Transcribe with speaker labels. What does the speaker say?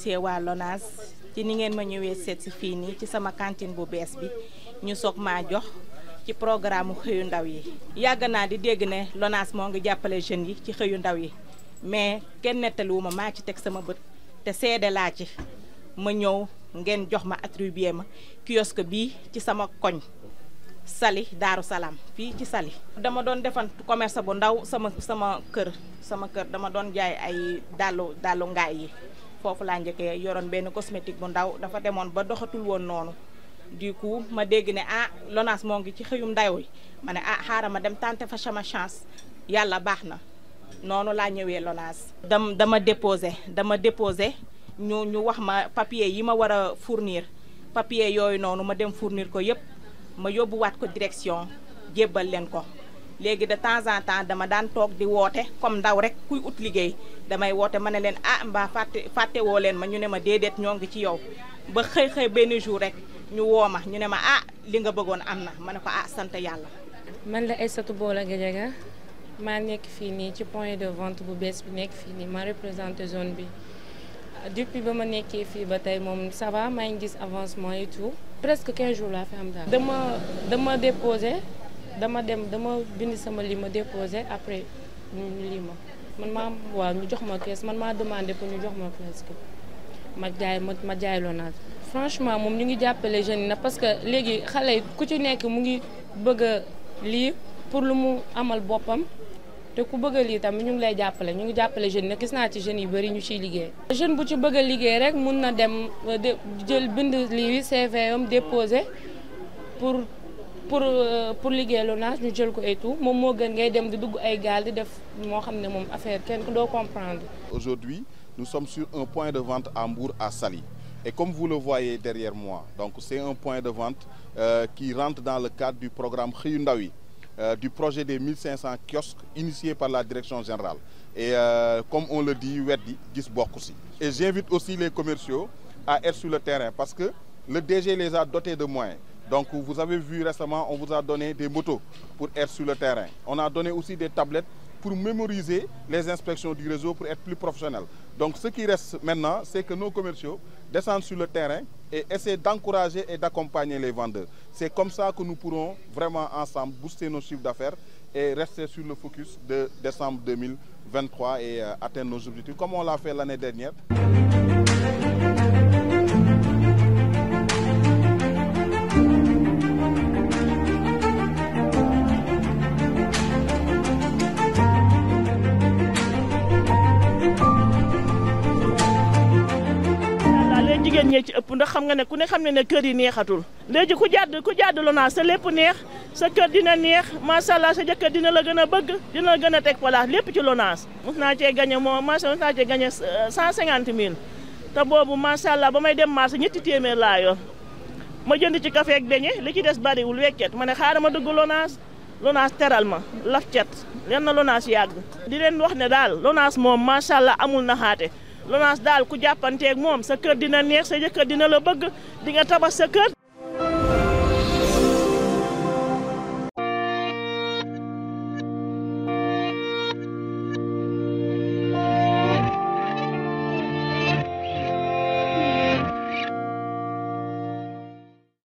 Speaker 1: remercier waa LONASE ci ni ngeen ma ñëwee seet nii ci sama cantine bu bees bi ñu soog maa jox ci programme xëyu ndaw yi yàgg naa di dégg ne LONASE moo ngi jàppale jeunes yi ci xëyu ndaw yi mais kenn nettaliwuma maa ci teg sama bët te seede laa ci ma ñëw ngeen jox ma attribué ma kiosque bii ci sama koñ Sali Daaru Salaam fii ci Sali dama doon defan commerce bu ndaw sama sama kër sama kër dama doon jaay ay dàllu dàllu ngaay yi foofu laa njëkkee yoroon benn cosmétique bu ndaw dafa demoon ba doxatul woon noonu du coup ma dégg ne ah Lonase moo ngi ci xëyum ndaw yi ma ne ah xaaral ma dem tenter fa sama chance yàlla baax na noonu laa ñëwee Lonase. dam dama déposé dama déposé ñu ñu wax ma papier yi ma war a fournir papier yooyu noonu ma dem fournir ko yëpp ma yóbbuwaat ko direction jébbal leen ko. léegi de temps en temps dama daan toog di woote comme ndaw rek kuy ut liggéey damay woote ma ne leen ah mbaa fàtte fàtte woo leen ma ñu ne ma déedéet ñoo ngi ci yow ba xëy xëy benn jour rek ñu woo ma ñu ne ma ah li nga bëggoon am na ma ne ko ah sant
Speaker 2: yàlla. man la Aïssatou Bola Gadiaga maa nekk fii nii ci point de vente bu bees bi nekk fii nii ma représenté zone bi depuis ba ma nekkee fii ba tey moom ça maa ngi gis avancement et tout presque 15 jours fi am daal. dama dama déposé. dama dem dama bind sama lii ma déposé après ñu lii ma man maa waaw ñu jox ma kees man maa demandé pour ñu jox ma kees gi ma jaay ma ma jaay loo naat franchement moom ñu ngi jàppale jeunes yi na parce que léegi xale yi ku ci nekk mu ngi bëgg lii pour lu mu amal boppam te ku bëgg a lii tamit ñu ngi lay jàppale ñu ngi jàppale jeunes yi nag gis naa ci jeunes yu bëri ñu ciy liggéey. jeune bu ci bëgg a liggéey rek mun na dem euh, jël bind lii CV am déposé pour. pour euh, pour liggéey LONASE ñu jël ko et tout moom moo gën ngay dem di duggu ay gaal di def moo xam ne moom affaire kenn doo comprendre.
Speaker 3: aujourd'hui nous sommes sur un point de vente à Mbour à Saly et comme vous le voyez derrière moi donc c'est un point de vente euh, qui rentre dans le cadre du programme Xëyu Ndaw yi euh, du projet des 1500 kiosques initié par la direction générale et euh, comme on le dit weddi gis bokku si. et j'invite aussi les commerciaux à être sur le terrain parce que le DG les a dotés de moyens. Donc vous avez vu récemment, on vous a donné des motos pour être sur le terrain. On a donné aussi des tablettes pour mémoriser les inspections du réseau pour être plus professionnel. Donc ce qui reste maintenant, c'est que nos commerciaux descendent sur le terrain et essayer d'encourager et d'accompagner les vendeurs. C'est comme ça que nous pourrons vraiment ensemble booster nos chiffres d'affaires et rester sur le focus de décembre 2023 et euh, atteindre nos objectifs comme on l'a fait l'année dernière.
Speaker 4: jigéen ñee ci ëpp ndax xam nga ne ku ne xam ne ne kër yi neexatul léegi ku jàdd ku jàdd Lonase sa lépp neex sa kër dina neex macha allah sa jëkkër dina la gën a bëgg dina la a teg palaas lépp ci Lonase mos naa cee gagné moo macha mos naa cee gagné euh, cent cinquante mille te boobu macha allah ba may dem marché ñetti téeméer laa yor ma jënd ci café ak beñe li ci des bariwul wekket ma ne xaaral ma dugg Lonase Lonase teral ma laf cet leen na Lonase yàgg di leen wax ne daal Lonase moom macha allah amul naxaate Lonase daal ku jàppanteeg moom sa kër dina neex sa jëkkër dina la bëgg di nga tabax sa kër.